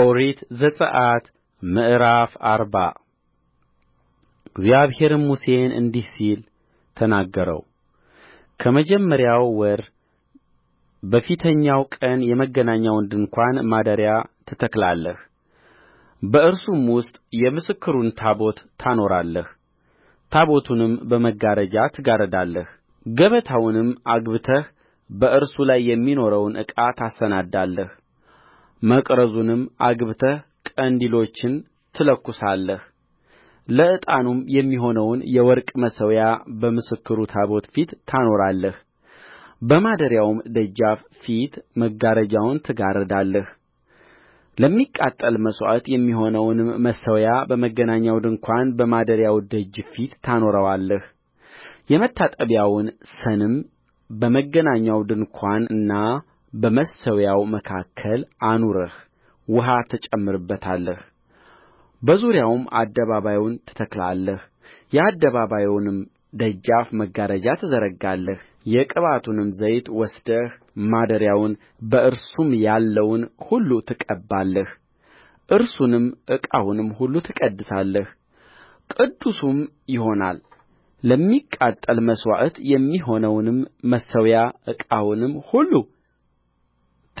ኦሪት ዘጽአት ምዕራፍ አርባ እግዚአብሔርም ሙሴን እንዲህ ሲል ተናገረው። ከመጀመሪያው ወር በፊተኛው ቀን የመገናኛውን ድንኳን ማደሪያ ትተክላለህ፣ በእርሱም ውስጥ የምስክሩን ታቦት ታኖራለህ። ታቦቱንም በመጋረጃ ትጋርዳለህ፣ ገበታውንም አግብተህ በእርሱ ላይ የሚኖረውን ዕቃ ታሰናዳለህ። መቅረዙንም አግብተህ ቀንዲሎችን ትለኵሳለህ ለዕጣኑም የሚሆነውን የወርቅ መሠዊያ በምስክሩ ታቦት ፊት ታኖራለህ በማደሪያውም ደጃፍ ፊት መጋረጃውን ትጋርዳለህ ለሚቃጠል መሥዋዕት የሚሆነውንም መሠዊያ በመገናኛው ድንኳን በማደሪያው ደጅ ፊት ታኖረዋለህ የመታጠቢያውን ሰንም በመገናኛው ድንኳንና በመሠዊያው መካከል አኑረህ ውኃ ትጨምርበታለህ በዙሪያውም አደባባዩን ትተክላለህ የአደባባዩንም ደጃፍ መጋረጃ ትዘረጋለህ የቅብዓቱንም ዘይት ወስደህ ማደሪያውን በእርሱም ያለውን ሁሉ ትቀባለህ እርሱንም ዕቃውንም ሁሉ ትቀድሳለህ ቅዱስም ይሆናል ለሚቃጠል መሥዋዕት የሚሆነውንም መሠዊያ ዕቃውንም ሁሉ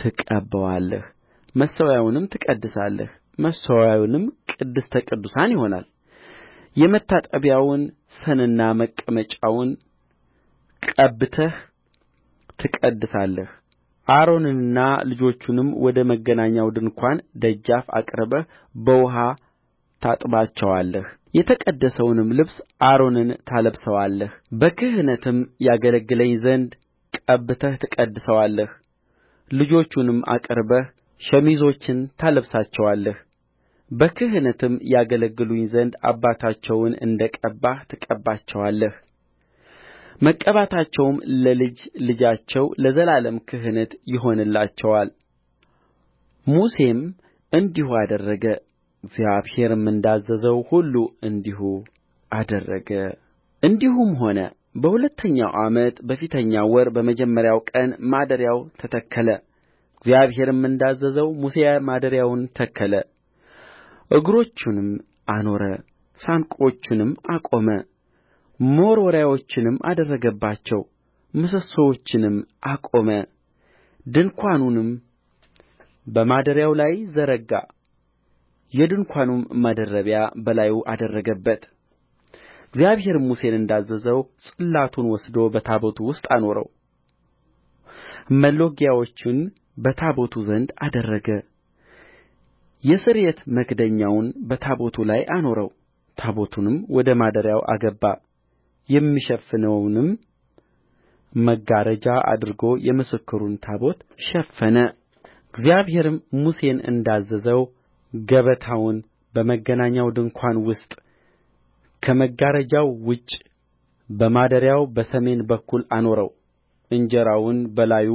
ትቀባዋለህ መሠዊያውንም ትቀድሳለህ መሠዊያውም ቅድስተ ቅዱሳን ይሆናል የመታጠቢያውን ሰንና መቀመጫውን ቀብተህ ትቀድሳለህ አሮንንና ልጆቹንም ወደ መገናኛው ድንኳን ደጃፍ አቅርበህ በውኃ ታጥባቸዋለህ የተቀደሰውንም ልብስ አሮንን ታለብሰዋለህ በክህነትም ያገለግለኝ ዘንድ ቀብተህ ትቀድሰዋለህ ልጆቹንም አቅርበህ ሸሚዞችን ታለብሳቸዋለህ በክህነትም ያገለግሉኝ ዘንድ አባታቸውን እንደ ቀባህ ትቀባቸዋለህ መቀባታቸውም ለልጅ ልጃቸው ለዘላለም ክህነት ይሆንላቸዋል ሙሴም እንዲሁ አደረገ እግዚአብሔርም እንዳዘዘው ሁሉ እንዲሁ አደረገ እንዲሁም ሆነ በሁለተኛው ዓመት በፊተኛው ወር በመጀመሪያው ቀን ማደሪያው ተተከለ እግዚአብሔርም እንዳዘዘው ሙሴ ማደሪያውን ተከለ እግሮቹንም አኖረ ሳንቆቹንም አቆመ መወርወሪያዎችንም አደረገባቸው ምሰሶዎችንም አቆመ ድንኳኑንም በማደሪያው ላይ ዘረጋ የድንኳኑም መደረቢያ በላዩ አደረገበት እግዚአብሔርም ሙሴን እንዳዘዘው ጽላቱን ወስዶ በታቦቱ ውስጥ አኖረው መሎጊያዎቹን በታቦቱ ዘንድ አደረገ የስርየት መክደኛውን በታቦቱ ላይ አኖረው ታቦቱንም ወደ ማደሪያው አገባ የሚሸፍነውንም መጋረጃ አድርጎ የምስክሩን ታቦት ሸፈነ። እግዚአብሔርም ሙሴን እንዳዘዘው ገበታውን በመገናኛው ድንኳን ውስጥ ከመጋረጃው ውጭ በማደሪያው በሰሜን በኩል አኖረው እንጀራውን በላዩ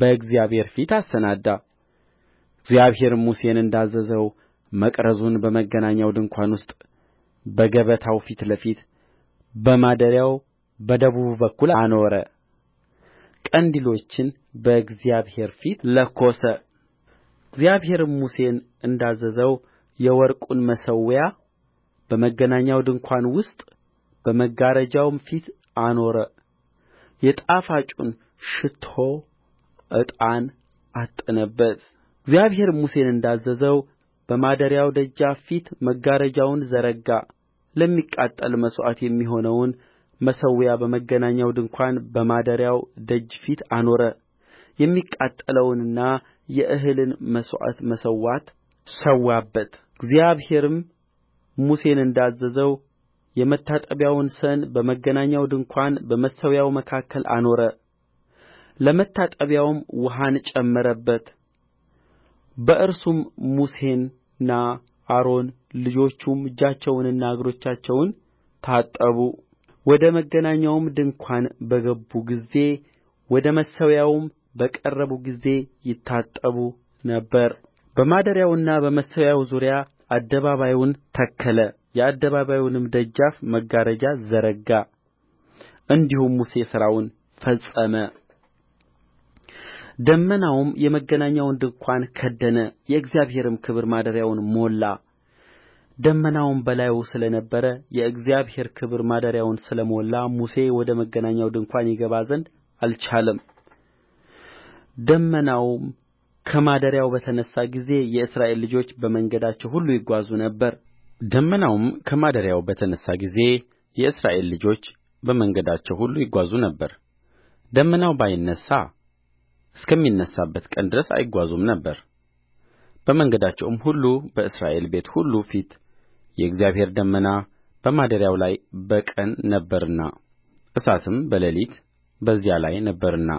በእግዚአብሔር ፊት አሰናዳ እግዚአብሔርም ሙሴን እንዳዘዘው መቅረዙን በመገናኛው ድንኳን ውስጥ በገበታው ፊት ለፊት በማደሪያው በደቡብ በኩል አኖረ ቀንዲሎችን በእግዚአብሔር ፊት ለኰሰ እግዚአብሔርም ሙሴን እንዳዘዘው የወርቁን መሠዊያ በመገናኛው ድንኳን ውስጥ በመጋረጃውም ፊት አኖረ የጣፋጩን ሽቱ ዕጣን ዐጠነበት እግዚአብሔርም ሙሴን እንዳዘዘው በማደሪያው ደጃፍ ፊት መጋረጃውን ዘረጋ ለሚቃጠል መሥዋዕት የሚሆነውን መሠዊያ በመገናኛው ድንኳን በማደሪያው ደጅ ፊት አኖረ የሚቃጠለውንና የእህልን መሥዋዕት መሠዋት ሠዋበት እግዚአብሔርም ሙሴን እንዳዘዘው የመታጠቢያውን ሰን በመገናኛው ድንኳን በመሠዊያው መካከል አኖረ ለመታጠቢያውም ውኃን ጨመረበት በእርሱም ሙሴና አሮን ልጆቹም እጆቻቸውንና እግሮቻቸውን ታጠቡ ወደ መገናኛውም ድንኳን በገቡ ጊዜ ወደ መሠዊያውም በቀረቡ ጊዜ ይታጠቡ ነበር በማደሪያውና በመሠዊያው ዙሪያ አደባባዩን ተከለ የአደባባዩንም ደጃፍ መጋረጃ ዘረጋ እንዲሁም ሙሴ ሥራውን ፈጸመ ደመናውም የመገናኛውን ድንኳን ከደነ የእግዚአብሔርም ክብር ማደሪያውን ሞላ ደመናውም በላዩ ስለ ነበረ የእግዚአብሔር ክብር ማደሪያውን ስለ ሞላ ሙሴ ወደ መገናኛው ድንኳን ይገባ ዘንድ አልቻለም ደመናውም ከማደሪያው በተነሣ ጊዜ የእስራኤል ልጆች በመንገዳቸው ሁሉ ይጓዙ ነበር ደመናውም ከማደሪያው በተነሣ ጊዜ የእስራኤል ልጆች በመንገዳቸው ሁሉ ይጓዙ ነበር ደመናው ባይነሣ እስከሚነሣበት ቀን ድረስ አይጓዙም ነበር በመንገዳቸውም ሁሉ በእስራኤል ቤት ሁሉ ፊት የእግዚአብሔር ደመና በማደሪያው ላይ በቀን ነበርና እሳትም በሌሊት በዚያ ላይ ነበረና